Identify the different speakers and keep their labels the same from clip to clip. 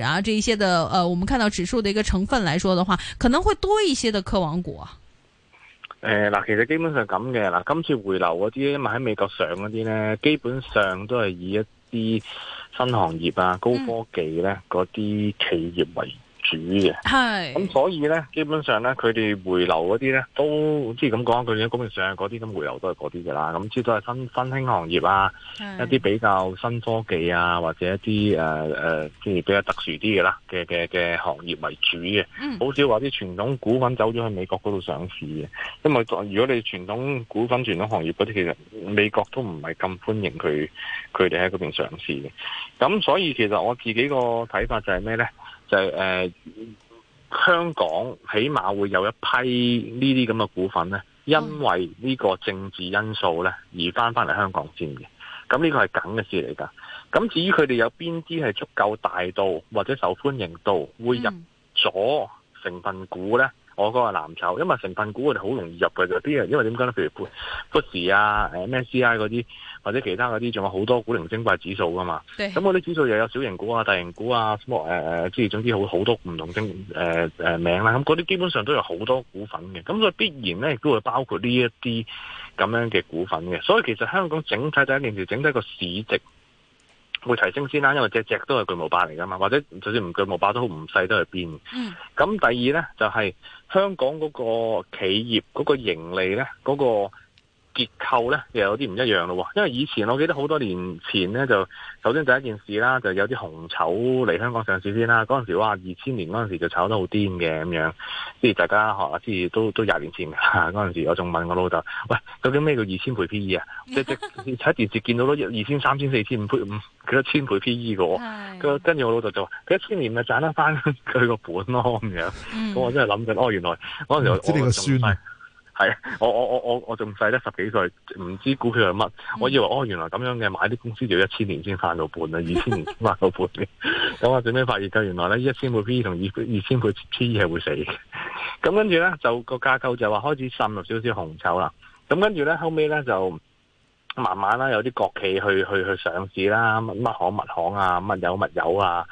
Speaker 1: 啊，這一些的，呃，我們看到指數的一個成分來說的話，可能會多一些的科網股，啊。
Speaker 2: 誒，嗱，其實基本上咁嘅，嗱，今次回流嗰啲，因為喺美國上嗰啲咧，基本上都係以一啲新行業啊、高科技咧嗰啲企業為、嗯。主嘅，係咁是所以咧，基本上咧，佢哋回流嗰啲咧，都即係咁講，佢哋喺嗰邊上嗰啲咁回流都係嗰啲嘅啦。咁即係都係新新興行業啊，是一啲比較新科技啊，或者一啲誒誒即係比較特殊啲嘅啦嘅嘅嘅行業為主嘅，好、嗯、少話啲傳統股份走咗去美國嗰度上市嘅。因為如果你傳統股份、傳統行業嗰啲，其實美國都唔係咁歡迎佢佢哋喺嗰邊上市嘅。咁所以其實我自己個睇法就係咩咧？就係、是、誒、呃，香港起碼會有一批呢啲咁嘅股份咧，因為呢個政治因素咧而翻翻嚟香港先嘅。咁、嗯、呢個係梗嘅事嚟噶。咁至於佢哋有邊啲係足夠大到或者受歡迎到，會入咗成分股咧？我嗰個藍籌，因為成分股我哋好容易入嘅啫，啲人因為點解咧？譬如富士啊、MSCI 嗰啲，或者其他嗰啲，仲有好多古靈精怪指數噶嘛。咁嗰啲指數又有小型股啊、大型股啊，什麼之、呃、總之好好多唔同精、呃、名啦。咁嗰啲基本上都有好多股份嘅，咁所以必然咧亦都會包括呢一啲咁樣嘅股份嘅。所以其實香港整體第一件事，整體個市值會提升先啦，因為隻隻都係巨無霸嚟噶嘛，或者就算唔巨無霸都好，唔細都係變。咁、嗯、第二咧就係、是。香港嗰個企業嗰個盈利咧，嗰、嗰個。結構咧又有啲唔一樣咯，因為以前我記得好多年前咧，就首先第一件事啦，就有啲紅籌嚟香港上市先啦。嗰陣時哇，二千年嗰陣時就炒得好癲嘅咁樣，即係大家學下，即係都都廿年前吓嗰陣時，我仲問我老豆：，喂，究竟咩叫二千倍 P E 啊？即係睇電視見到咯，二千、 三千、四千、五倍，五千，佢一千倍 P E 嘅。跟住我老豆就話：，佢一千年咪賺得翻佢個本咯。咁樣，咁、嗯、我真係諗緊，哦，原來陣時、嗯、我還、嗯係，我我我我我仲細得十幾歲，唔知股票係乜，我以為哦，原來咁樣嘅，買啲公司就要一千年先翻到半啊，二千年先翻到半嘅，咁啊最尾發現佢原來咧一千倍 P 同二二千倍 P 係會死嘅，咁跟住咧就個架構就話開始滲入少少紅籌啦，咁跟住咧後尾咧就慢慢啦有啲國企去去去上市啦，乜行乜行啊，乜有乜有啊。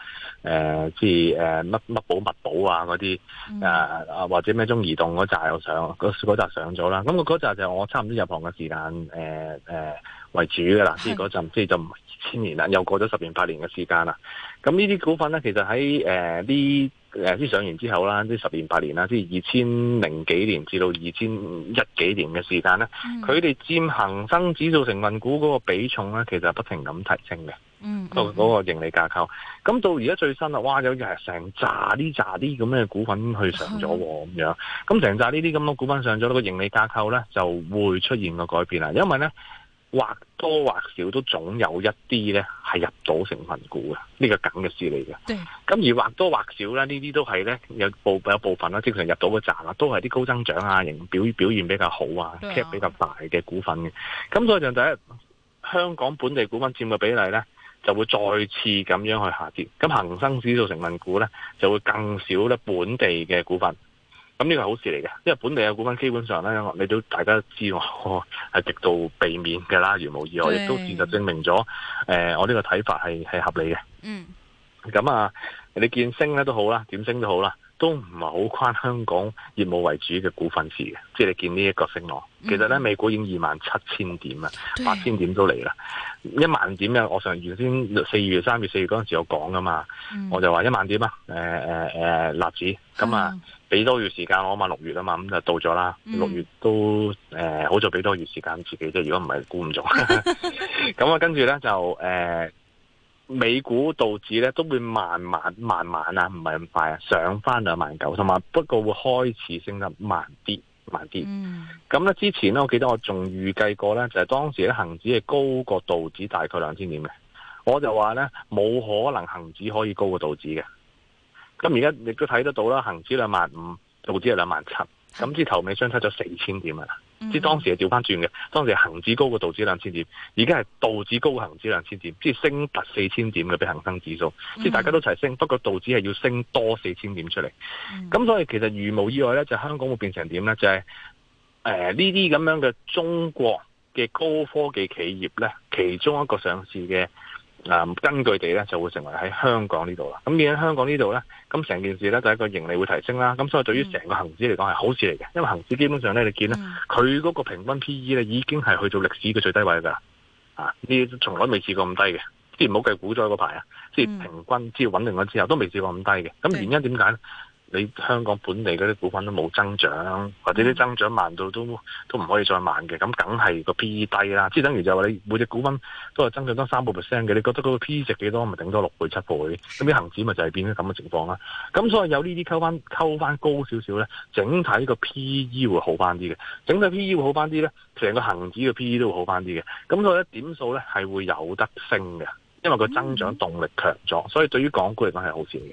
Speaker 2: 誒，即係誒乜乜寶物寶啊嗰啲，誒啊、呃、或者咩中移動嗰紮又上，嗰嗰紮上咗啦。咁個嗰扎就我差唔多入行嘅時間。誒、呃，誒、呃。為主噶啦，即係嗰陣，即係就唔係二千年啦，又過咗十年八年嘅時間啦。咁呢啲股份咧，其實喺誒啲誒，即、呃、上完之後啦，即係十年八年啦，即係二千零幾年至到二千一幾年嘅時間咧，佢哋佔恒生指數成分股嗰個比重咧，其實係不停咁提升
Speaker 3: 嘅。嗰、嗯嗯、個
Speaker 2: 盈利架構，咁到而家最新啦，哇，有成紮啲紮啲咁嘅股份去上咗咁樣，咁成扎呢啲咁嘅股份上咗，呢個盈利架構咧就會出現個改變啦，因為咧。或多或少都總有一啲咧係入到成分股嘅，呢個梗嘅事嚟嘅。咁對而或多或少咧，呢啲都係咧有部有部分啦，即係入到個站啦，都係啲高增長啊，表表現比較好啊，cap 比較大嘅股份嘅。咁、啊、所以就第一，香港本地股份佔嘅比例咧就會再次咁樣去下跌，咁恒生指數成分股咧就會更少咧本地嘅股份。咁呢個係好事嚟嘅，因為本地嘅股份基本上咧，你都大家都知我係極度避免嘅啦，如無意外，亦對都事實證明咗，誒、呃，我呢個睇法係係合理嘅。嗯，咁啊，你見升咧都好啦，點升都好啦，都唔係好關香港業務為主嘅股份事嘅，即係你見呢一個升浪，嗯、其實咧美股已經二萬七千點啦，八千點都嚟啦。一萬點我上原先，四月、三月、四月嗰陣時候有講噶嘛，嗯、我就話一萬點啊，誒誒誒，納、呃、指，咁啊，俾、嗯、多，多月時間我，我六月啊嘛，咁就到咗啦，六月都誒、呃、好在俾多月時間自己啫，如果唔係估唔中，咁 啊 跟住咧就誒、呃、美股道指咧都會慢慢慢慢啊，唔係咁快啊，上翻兩萬九，同埋不過會開始升得慢啲。萬啲，咁咧、嗯、之前咧，我記得我仲預計過咧，就係當時咧恒指係高過道指大概兩千點嘅，我就話咧冇可能恒指可以高過道指嘅，咁而家亦都睇得到啦，恒指兩萬五，道指係兩萬七，咁之頭尾相差咗四千點啊。即、嗯、當時係調翻轉嘅，當時係恒指高過道指兩千點，而家係道指高過恒指兩千點，即係升達四千點嘅比恒生指數，嗯、即係大家都一齊升，不過道指係要升多四千點出嚟。咁、嗯、所以其實如無意外咧，就係、香港會變成點咧？就係誒呢啲咁樣嘅中國嘅高科技企業咧，其中一個上市嘅。嗯、根據地咧就會成為喺香港呢度啦。咁而喺香港呢度咧，咁成件事咧就係個盈利會提升啦。咁所以對於成個恆指嚟講係、嗯、好事嚟嘅，因為恆指基本上咧你見咧佢嗰個平均 P E 咧已經係去到歷史嘅最低位㗎喇。啊！呢啲從來未試過咁低嘅，即係唔好計股災嗰排啊，即係平均即係穩定咗之後都未試過咁低嘅。咁、嗯、原因點解咧？你香港本地嗰啲股份都冇增長，或者啲增長慢到都都唔可以再慢嘅，咁梗係個 P E 低啦。即係等於就話你每隻股份都係增長多三個 percent 嘅，你覺得嗰個 P E 值幾多？咪頂多六倍七倍。咁啲恒指咪就係變咗咁嘅情況啦。咁所以有呢啲溝翻溝翻高少少咧，整體個 P E 會好翻啲嘅。整體 P E 會好翻啲咧，成個恒指嘅 P E 都會好翻啲嘅。咁所以咧點數咧係會有得升嘅，因為個增長動力強咗，所以對於港股嚟講係好少嘅。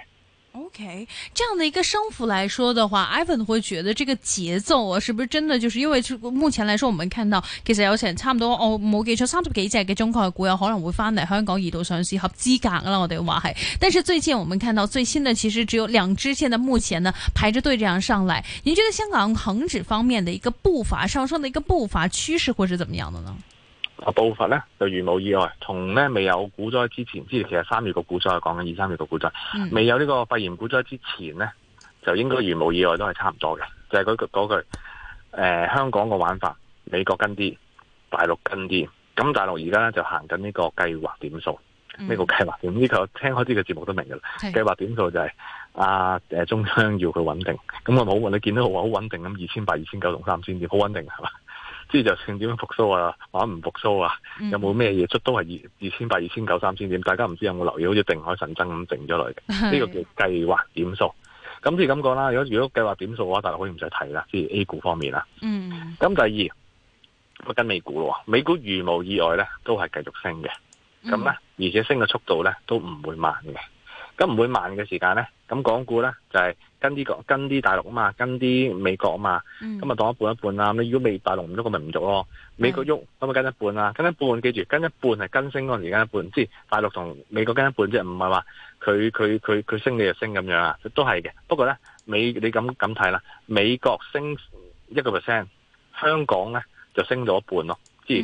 Speaker 1: OK，這樣的一個升幅來說的話，Ivan 會覺得這個節奏，啊，我是不是真的就是因為目前來說，我們看到其實有差不多，我冇記錯，三十幾隻嘅中國股有可能會翻嚟香港二次上市合資格啦。我哋話係，但是最近我們看到，最新呢其實只有兩支線的目前呢排着隊這樣上來。您覺得香港恒指方面的一個步伐上升的一個步伐趨勢，會是怎麼樣的呢？
Speaker 2: 啊，步伐咧，就如無意外，從咧未有股災之前，之前其實三月個股災係講緊二三月個股災，嗯、未有呢個肺炎股災之前咧，就應該如無意外都係差唔多嘅。就係嗰句嗰句，誒、呃，香港個玩法，美國跟啲，大陸跟啲。咁大陸而家咧就行緊呢個計劃點數，呢、嗯、個計劃點呢個聽開啲嘅節目都明噶啦。計劃是點數就係阿誒中央要佢穩定，咁我好啊，你見到我好穩定咁，二千八、二千九同三千點好穩定係嘛？即係就算點樣復蘇啊，或者唔復蘇啊，嗯、有冇咩嘢出都係二二千八、二千九、三千點，大家唔知有冇留意，好似定海神針咁定咗落嚟嘅呢個叫計劃點數。咁先咁講啦，如果如果計劃點數嘅話，大家可以唔使睇啦，即係 A 股方面啦。咁、嗯、第二，乜跟美股咯，美股如無意外咧，都係繼續升嘅。咁咧，而且升嘅速度咧，都唔會慢嘅。咁唔會慢嘅時間咧。咁港股咧就係、是、跟啲跟啲大陸啊嘛，跟啲美國啊嘛，咁啊、嗯、當一半一半啦。咁如果未大陸唔喐，咁咪唔喐咯。美國喐，咁咪的跟一半啦，跟一半記住，跟一半係跟升嗰陣時跟一半，即係大陸同美國跟一半，即係唔係話佢佢佢佢升你就升咁樣啊，都係嘅。不過咧美你咁咁睇啦，美國升一個 percent，香港咧就升咗一半咯，即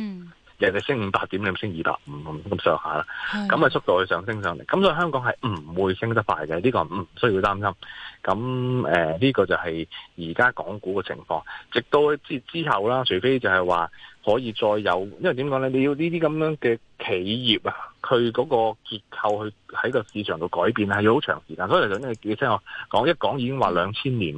Speaker 2: 人哋升五百點，你升二百五咁上下啦，咁啊速度去上升上嚟，咁所以香港係唔會升得快嘅，呢個唔需要擔心。咁誒，呢個就係而家港股嘅情況，直到之之後啦，除非就係話。可以再有，因為點講咧？你要呢啲咁樣嘅企業啊，佢嗰個結構去喺個市場度改變係要好長時間，所以嚟講咧，你聽我講一講已經話兩千年，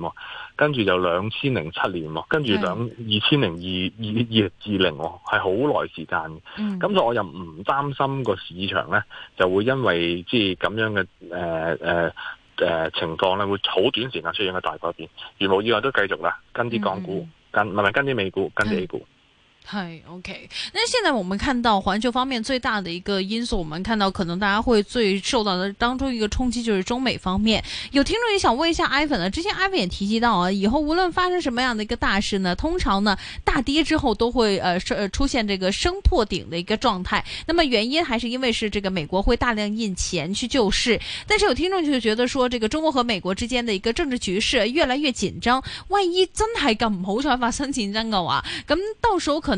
Speaker 2: 跟住就兩千零七年，跟住兩二千零二二二二零，係好耐時間。咁是所以我又唔擔心個市場咧就會因為即係咁樣嘅誒誒誒情況咧，會好短時間出現個大改變。如無意外都繼續啦，跟啲港股，嗯、跟唔係跟啲美股，跟啲 A 股。
Speaker 1: 嗨，OK。那現在我們看到環球方面最大的一個因素，我們看到可能大家會最受到的當中一個衝擊就是中美方面。有聽眾也想問一下 Ivan 了，之前 Ivan 也提及到啊，以後無論發生什麼樣的一個大事呢，通常呢大跌之後都會呃是呃出現這個升破頂的一個狀態。那麼原因還是因為是這個美國會大量印錢去救市，但是有聽眾就覺得說這個中國和美國之間的一個政治局勢越來越緊張，萬一真係咁唔好彩發生緊張嘅話，咁到時候可能。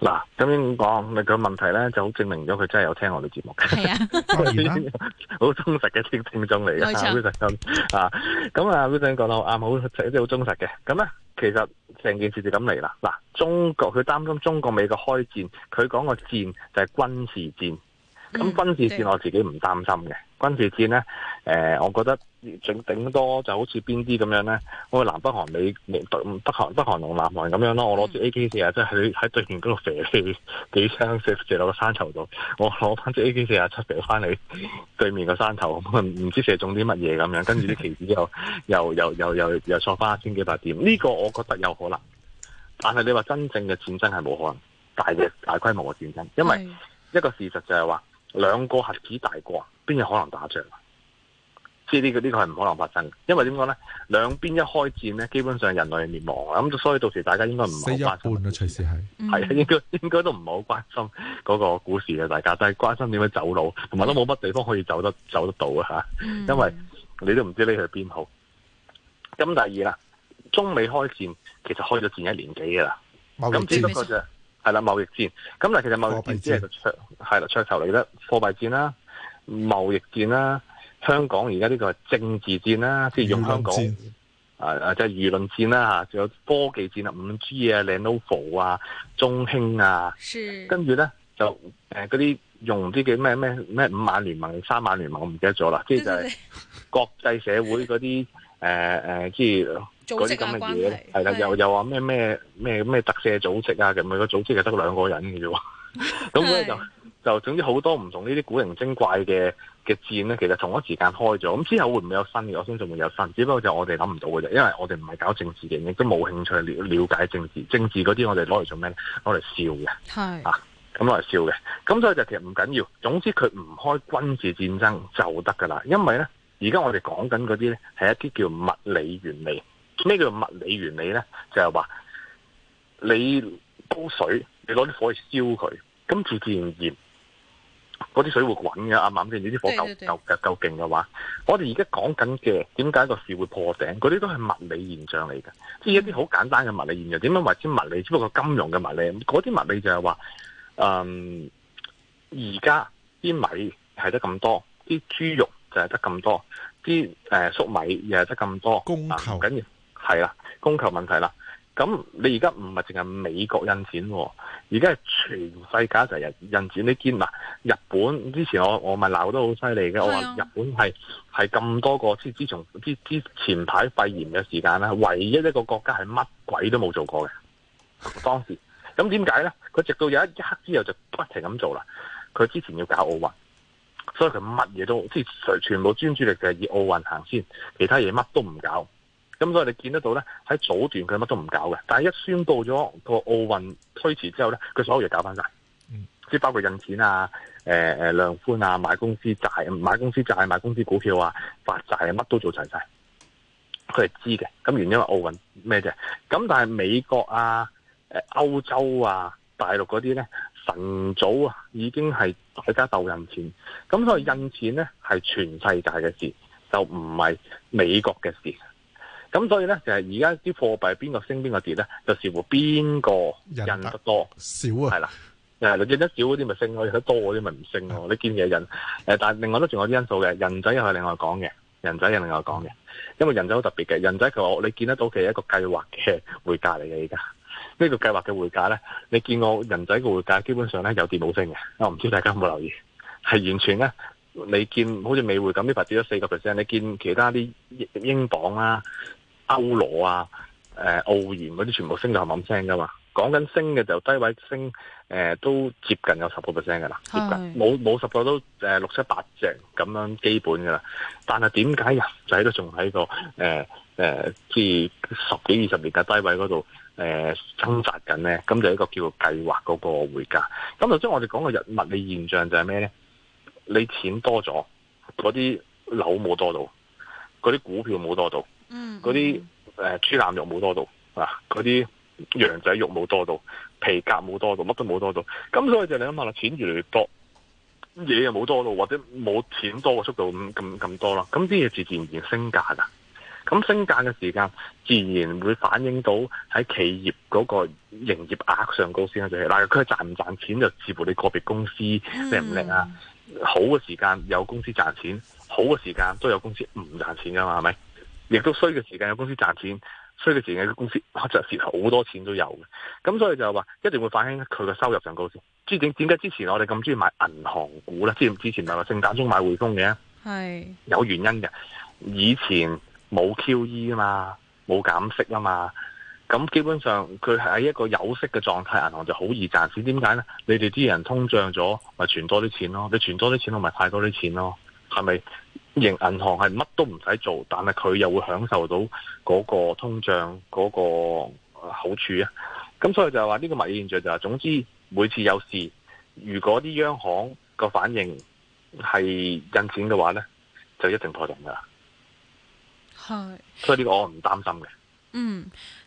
Speaker 2: 嗱，咁樣講，佢個問題咧就好證明咗佢真係有聽我哋節目，係啊，好 忠實嘅聽眾嚟嘅，Wilson，啊，咁啊，Wilson 講到啱，好即係好忠實嘅。咁、嗯、咧，其實成件事就咁嚟啦。嗱，中國佢擔心中國美國開戰，佢講個戰就係軍事戰。咁軍事戰我自己唔擔心嘅，軍事戰咧，誒、呃，我覺得。整頂多就好似邊啲咁樣咧，我南北韓你北韓北韓同南韓咁樣咯，我攞支 A K 四啊，即係喺喺對面嗰度射幾槍射射到個山頭度，我攞翻支 A K 四啊，出射翻你對面個山頭，唔知射中啲乜嘢咁樣，跟住啲旗子又又又又又又挫翻千幾百點，呢、這個我覺得有可能，但係你話真正嘅戰爭係冇可能大嘅大規模嘅戰爭，因為一個事實就係話兩個核子大國邊有可能打仗即呢、這個呢、這個係唔可能發生，因為點講咧？兩邊一開戰咧，基本上人類滅亡。咁所以到時大家應該唔好發生。死一半咯、啊，隨時係係、嗯、啊，應該應該都唔好關心嗰個股市嘅、啊，大家都係關心點樣走路，同埋都冇乜地方可以走得走得到啊！吓、嗯，因為你都唔知你去邊好。咁第二啦，中美開戰其實開咗戰一年幾噶啦，貿易戰係啦，貿易戰。咁但係其實貿易戰只係個桌，係啦，噱頭嚟嘅，貨幣戰啦，貿易戰啦。香港而家呢個係政治戰啦，即、就、係、是、用香港啊啊，即係輿論戰啦吓，仲有科技戰啊，五 G 啊，Lenovo 啊，中興啊，是跟住咧就誒嗰啲用唔知叫咩咩咩五萬聯盟、三萬聯盟，我唔記得咗啦，即係就係、是、國際社會嗰啲誒誒，即、呃、係、啊、 組織嘅關係係啦，又又話咩咩咩咩特赦組，組，組織啊，咁實個組織就得兩個人嘅啫，咁、啊、所 就是。就總之好多唔同呢啲古靈精怪嘅嘅戰呢，其實同一時間開咗，咁之後會唔會有新嘅？我相信會有新，只不過就我哋諗唔到嘅啫，因為我哋唔係搞政治嘅，亦都冇興趣了解政治。政治嗰啲我哋攞嚟做咩？攞嚟笑嘅，係咁攞嚟笑嘅。咁所以就其實唔緊要。總之佢唔開軍事戰爭就得噶啦，因為呢，而家我哋講緊嗰啲呢，係一啲叫物理原理。咩叫物理原理呢？就係話你煲水，你攞啲火去燒佢，跟住自然嗰啲水會滾嘅，啱啱先呢啲火夠夠夠勁嘅話，我哋而家講緊嘅點解個市會破頂，嗰啲都係物理現象嚟嘅，即係一啲好簡單嘅物理現象。點樣話之物理？只不過金融嘅物理，嗰啲物理就係話，嗯，而家啲米係得咁多，啲豬肉就係得咁多，啲誒粟米又係得咁多，供求緊、啊、要係啦，供求問題啦。咁你而家唔係淨係美國印錢，哦，而家係全世界就係印印錢，你見。嗱，日本之前我我咪鬧得好犀利嘅，我話的日本係係咁多個，即係之前排肺炎嘅時間咧，唯一一個國家係乜鬼都冇做過嘅。當時咁點解咧？佢直到有一刻之後就不停咁做啦。佢之前要搞奧運，所以佢乜嘢都即係全部專注力就係以奧運行先，其他嘢乜都唔搞。咁、嗯、所以你見得到咧，喺早段佢乜都唔搞嘅，但係一宣布咗個奧運推遲之後咧，佢所有嘢搞翻晒，即係、嗯、包括印錢啊、誒、呃、誒量寬啊、買公司債、買公司債、買公司股票啊、發債啊，乜都做齊晒。佢係知嘅，咁原因係奧運咩啫？咁但係美國啊、歐洲啊、大陸嗰啲咧，晨早啊已經係大家鬥印錢，咁所以印錢咧係全世界嘅事，就唔係美國嘅事。咁所以咧，就係而家啲貨幣邊個升邊個跌咧，就視乎邊個人得多少啊？係啦，誒，印得少嗰啲咪升，我印得多嗰啲咪唔升咯。你見嘢人，誒，但係另外都仲有啲因素嘅，人仔又係另外講嘅，人仔又另外講嘅，因為人仔好特別嘅，人仔其實你見得到佢係一個計劃嘅匯價嚟嘅，而家、這個、呢個計劃嘅匯價咧，你見我人仔嘅匯價基本上咧有跌冇升嘅，我唔知大家有冇留意，係完全咧你見好似美匯咁呢排跌咗四個 percent，你見其他啲英鎊啊。歐羅啊，誒，澳元嗰啲全部升到冚冚聲噶嘛，講緊升嘅就低位升，誒、呃，都接近有十個 percent 噶啦，接近冇冇十個都誒六七八成咁樣基本噶啦，但係點解人仔都仲喺個誒誒，即、呃、係十幾二十年嘅低位嗰度誒掙扎緊咧？咁就一個叫做計劃嗰個回價。咁頭先我哋講個金融物理現象就係咩咧？你錢多咗，嗰啲樓冇多到，嗰啲股票冇多到。嗯，嗰啲誒豬腩肉冇多到，嗱、啊，嗰啲羊仔肉冇多到，皮革冇多到，乜都冇多到，咁所以就你諗下啦，錢越嚟越多，嘢又冇多到，或者冇錢多嘅速度咁咁咁多啦，咁啲嘢自然然升價噶，咁升價嘅時間自然然會反映到喺企業嗰個營業額上高先啦，就係但係佢賺唔賺錢就視乎你個別公司靚唔靚啊，mm hmm. 好嘅時間有公司賺錢，好嘅時間都有公司唔賺錢噶嘛，係咪？亦都衰嘅時間，有公司賺錢；衰嘅時間有公司哇，就蝕好多錢都有嘅。咁所以就係話，一定會反映佢嘅收入上高先。之點，點解之前我哋咁中意買銀行股咧？之之前咪話聖誕中買匯豐嘅，係是有原因嘅。以前冇 QE 啊嘛，冇減息啊嘛，咁基本上佢係喺一個有息嘅狀態，銀行就好易賺錢。點解咧？你哋啲人通脹咗，咪存多啲錢咯。你存多啲錢，咪派多啲錢咯，係咪？銀行係乜都唔使做，但係佢又會享受到嗰個通脹嗰個好處啊！咁所以就係話呢個物理現象就係、是，總之每次有事，如果啲央行個反應係印錢嘅話呢就一定破動噶。
Speaker 1: 係是，
Speaker 2: 所以呢個我唔擔心嘅。嗯。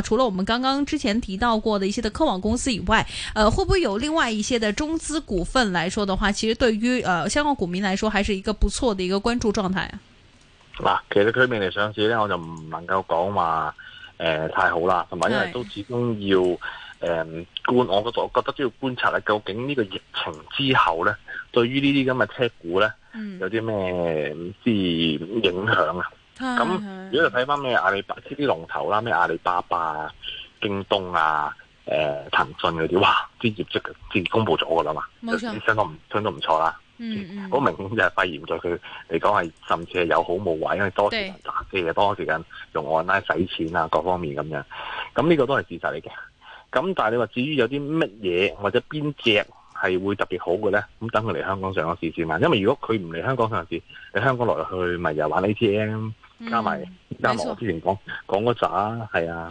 Speaker 1: 除了我們剛剛之前提到過的一些的科網公司以外，呃，會不會有另外一些的中資股份來說的話，其實對於呃香港股民來說，還是一個不錯的一個關注狀態啊。
Speaker 2: 啊嗱，其實佢未來上市咧，我就唔能夠講話誒太好啦，同埋因為都始終要誒觀是、呃，我覺得我覺得都要觀察咧，究竟呢個疫情之後呢對於呢啲咁嘅車股呢、嗯、有啲咩唔知影響啊？咁、嗯嗯、如果你睇翻咩阿里巴巴啲龍頭啦，咩阿里巴巴啊、京東啊、誒、呃、騰訊嗰啲，哇啲業績先公布咗㗎啦嘛，即係錯相當唔相當唔錯啦。
Speaker 3: 好、嗯嗯、
Speaker 2: 明顯就係肺炎對佢嚟講係甚至係有好冇壞，因為多時間打機啊，對多時間用 online 使錢啊，各方面咁樣。咁呢個都係事實嚟嘅。咁但係你話至於有啲乜嘢或者邊隻係會特別好嘅咧？咁等佢嚟香港上個市先啦。因為如果佢唔嚟香港上市，你香港落去咪又玩 ATM。加埋加埋，我之前講講嗰扎係啊。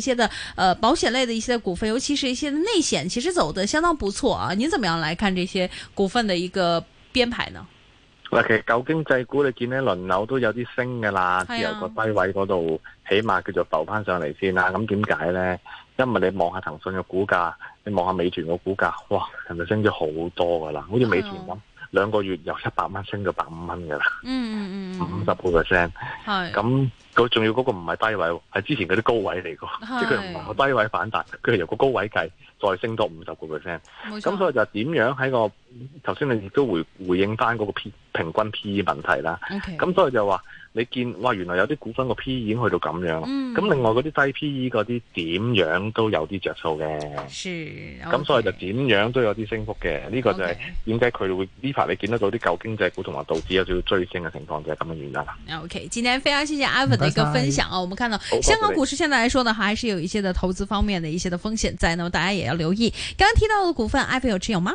Speaker 1: 一些的，呃，保險類的一些的股份，尤其是一些內險，其實走得相當不錯啊。你怎麼樣來看這些股份的一個編排呢？
Speaker 2: 嗱，其實舊經濟股你見咧輪流都有啲升噶啦，自由個低位嗰度起碼叫做浮翻上嚟先啦。咁點解呢？因為你望下騰訊嘅股價，你望下美團嘅股價，哇，係咪升咗好多噶啦？好似美團咁。哎呀 哎兩個月由一百蚊升到百五蚊㗎喇，五十個 percent，係咁佢仲要嗰個唔係低位喎，係之前嗰啲高位嚟嘅，即係佢唔係個低位反彈，佢係由個高位計再升多五十個 percent，咁所以就點樣喺個？頭先你亦都回回應翻嗰個 P 平均 P E 問題啦。咁 Okay. 所以就話你見哇，原來有啲股份個 P E 已經去到咁樣，咁、嗯、另外嗰啲低 P E 嗰啲點樣都有啲着數嘅。咁、okay. 所以就點樣都有啲升幅嘅。呢、這個就係點解佢會呢排你見得到啲舊經濟股同埋道指有少少追升嘅情況就係咁樣原因啦。
Speaker 1: O、okay, K，今天非常謝謝 Ivan 的一個分享啊。謝謝。我們看到好香港股市現在來說呢，還是有一些的投資方面的一些的風險在，那麼大家也要留意。剛剛提到的股份，Ivan 有持有嗎？